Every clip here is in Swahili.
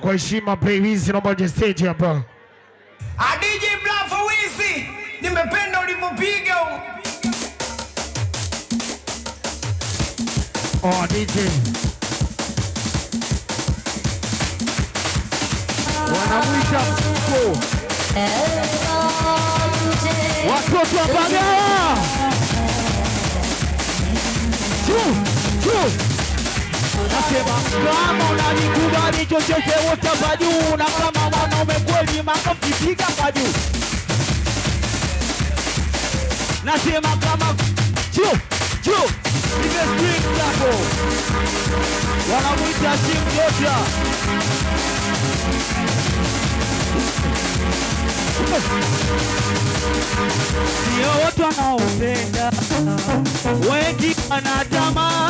kwa heshima Wizi, naomba uje stage hapa. Adiji Blafa Wizi, nimependa ulivyopiga. Oh, DJ. Wanamwisha mfuko. Watoto wa Bagala. Juu, juu. Nasema kama unanikubali chochote utapa juu, na kama mwanaume kweli makokipiga kwa juu. Nasema kama juu juu, ile string yako wanamuita simjota sio watu wanaopenda, wengi wanatamani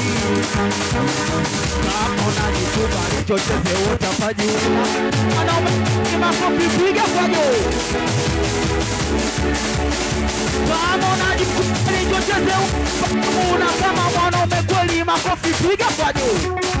naona ni chuma chochote utafanya wanaume makofi piga kwa juu naona ni chochote una kama mwanaume kweli makofi piga kwa juu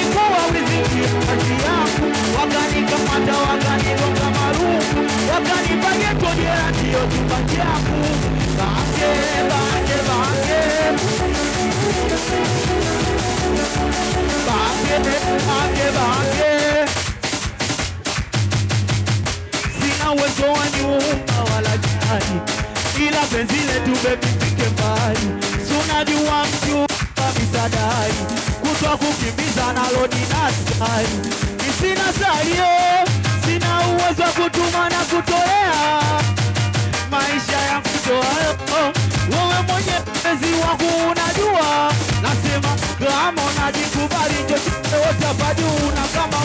wakanikamata wakanigonga marufu, wakanipagia tojera, ndiyo chumba changu bange bange bange bange bange bange, sina uwezo wa nyumba wala gari, ila penzi letu bebi mbali, sunajua mjumba misadari kutwa kukimbiza nalo sina salio, sina uwezo wa kutuma na kutolea maisha ya kutoayo oh. Wewe mwenye Mwenyezi wangu unajua, nasema kama unajikubali chochote wote hapa juu, na kama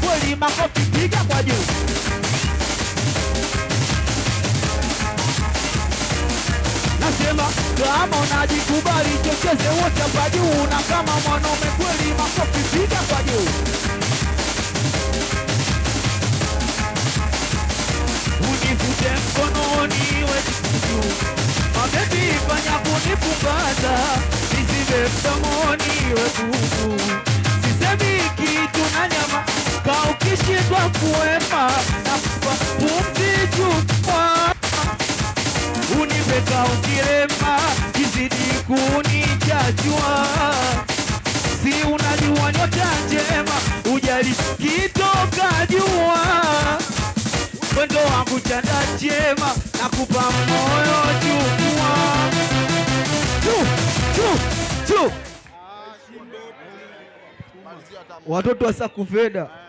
kweli, makofi piga kwa juu Nasema kama unajikubali chochote wote hapa juu, na kama mwanaume kweli Nioshe mdomoni sisemi kitu na nyama ka ukishindwa kuema na kupa pumzi chukua, unipe ka ukirema kizidi kunichachua, si unajua nyota njema ujali kitoka jua, wendo wangu chanda chema na kupa moyo watoto wa Sakuveda